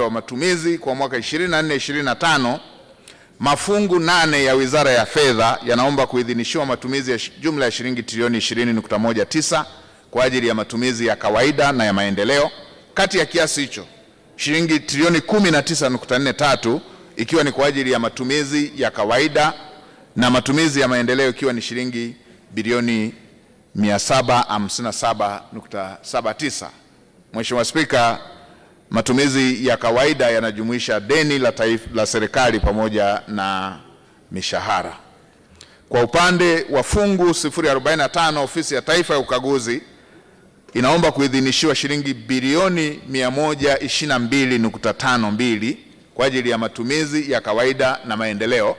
upande wa matumizi kwa mwaka 24 25, mafungu nane ya Wizara ya Fedha yanaomba kuidhinishiwa matumizi ya jumla ya shilingi trilioni 20.19 kwa ajili ya matumizi ya kawaida na ya maendeleo. Kati ya kiasi hicho shilingi trilioni 19.43 ikiwa ni kwa ajili ya matumizi ya kawaida na matumizi ya maendeleo ikiwa ni shilingi bilioni 757.79. Mheshimiwa Spika, Matumizi ya kawaida yanajumuisha deni la taifa, la serikali pamoja na mishahara. Kwa upande wa fungu 045 Ofisi ya Taifa ya Ukaguzi inaomba kuidhinishiwa shilingi bilioni 122.52 kwa ajili ya matumizi ya kawaida na maendeleo,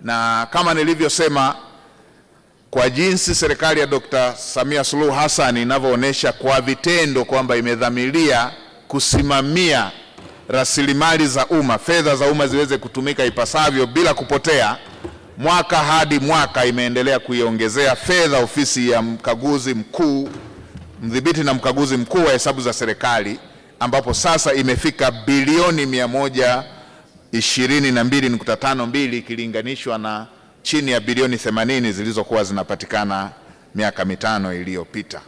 na kama nilivyosema, kwa jinsi serikali ya Dr. Samia Suluhu Hassan inavyoonyesha kwa vitendo kwamba imedhamiria kusimamia rasilimali za umma, fedha za umma ziweze kutumika ipasavyo bila kupotea. Mwaka hadi mwaka imeendelea kuiongezea fedha ofisi ya mkaguzi mkuu, mdhibiti na mkaguzi mkuu wa hesabu za serikali, ambapo sasa imefika bilioni 122.52 ikilinganishwa na chini ya bilioni 80 zilizokuwa zinapatikana miaka mitano iliyopita.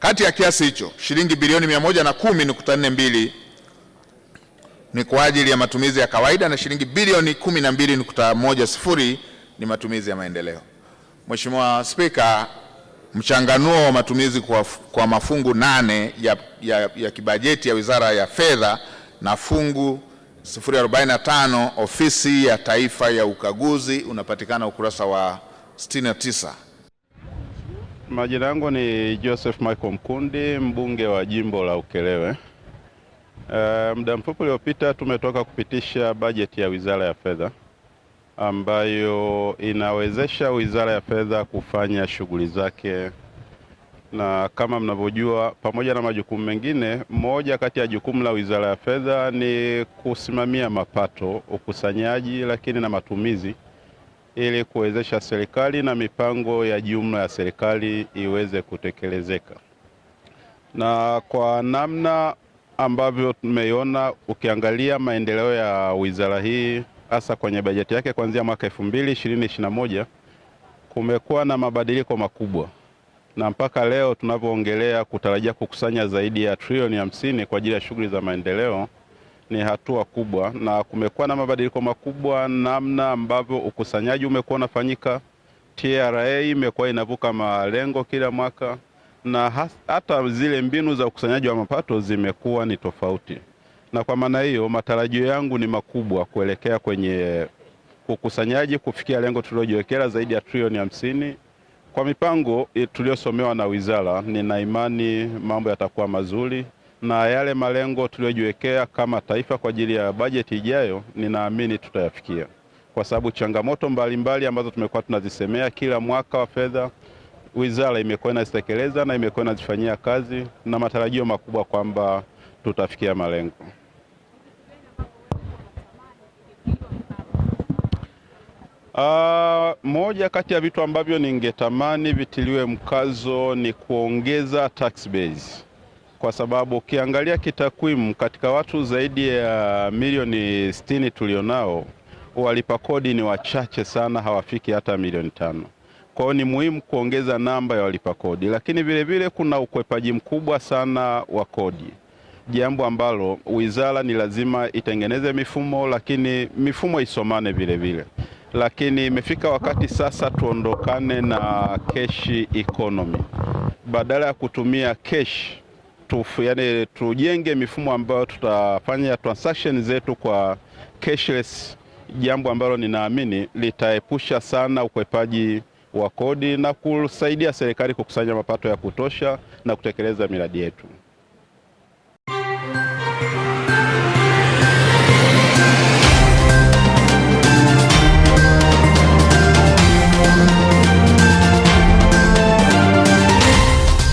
Kati ya kiasi hicho shilingi bilioni 110.42 ni kwa ajili ya matumizi ya kawaida na shilingi bilioni 12.10 ni matumizi ya maendeleo. Mheshimiwa Spika, mchanganuo wa matumizi kwa, kwa mafungu nane ya, ya, ya kibajeti ya Wizara ya Fedha na fungu 045 Ofisi ya Taifa ya Ukaguzi unapatikana ukurasa wa 69. Majina yangu ni Joseph Michael Mkundi, mbunge wa jimbo la Ukerewe. Uh, muda mfupi uliopita tumetoka kupitisha bajeti ya Wizara ya Fedha ambayo inawezesha Wizara ya Fedha kufanya shughuli zake, na kama mnavyojua, pamoja na majukumu mengine, moja kati ya jukumu la Wizara ya Fedha ni kusimamia mapato, ukusanyaji, lakini na matumizi ili kuwezesha serikali na mipango ya jumla ya serikali iweze kutekelezeka. Na kwa namna ambavyo tumeiona, ukiangalia maendeleo ya wizara hii hasa kwenye bajeti yake kuanzia mwaka 2021 kumekuwa na mabadiliko makubwa, na mpaka leo tunavyoongelea kutarajia kukusanya zaidi ya trilioni 50 kwa ajili ya shughuli za maendeleo ni hatua kubwa, na kumekuwa na mabadiliko makubwa namna ambavyo ukusanyaji umekuwa unafanyika. TRA imekuwa inavuka malengo kila mwaka na hata zile mbinu za ukusanyaji wa mapato zimekuwa ni tofauti, na kwa maana hiyo matarajio yangu ni makubwa kuelekea kwenye ukusanyaji kufikia lengo tulilojiwekea zaidi ya trilioni hamsini. Kwa mipango eh, tuliyosomewa na wizara, nina imani mambo yatakuwa mazuri na yale malengo tuliyojiwekea kama taifa kwa ajili ya bajeti ijayo, ninaamini tutayafikia, kwa sababu changamoto mbalimbali mbali ambazo tumekuwa tunazisemea kila mwaka wa fedha, wizara imekuwa inazitekeleza na imekuwa inazifanyia kazi, na matarajio makubwa kwamba tutafikia malengo. Uh, moja kati ya vitu ambavyo ningetamani vitiliwe mkazo ni kuongeza tax base kwa sababu ukiangalia kitakwimu katika watu zaidi ya milioni sitini tulionao, walipa kodi ni wachache sana, hawafiki hata milioni tano. Kwa hiyo ni muhimu kuongeza namba ya walipa kodi, lakini vilevile kuna ukwepaji mkubwa sana wa kodi, jambo ambalo wizara ni lazima itengeneze mifumo, lakini mifumo isomane vilevile. Lakini imefika wakati sasa tuondokane na keshi economy, badala ya kutumia keshi tufu, yani tujenge mifumo ambayo tutafanya transaction zetu kwa cashless, jambo ambalo ninaamini litaepusha sana ukwepaji wa kodi na kusaidia serikali kukusanya mapato ya kutosha na kutekeleza miradi yetu.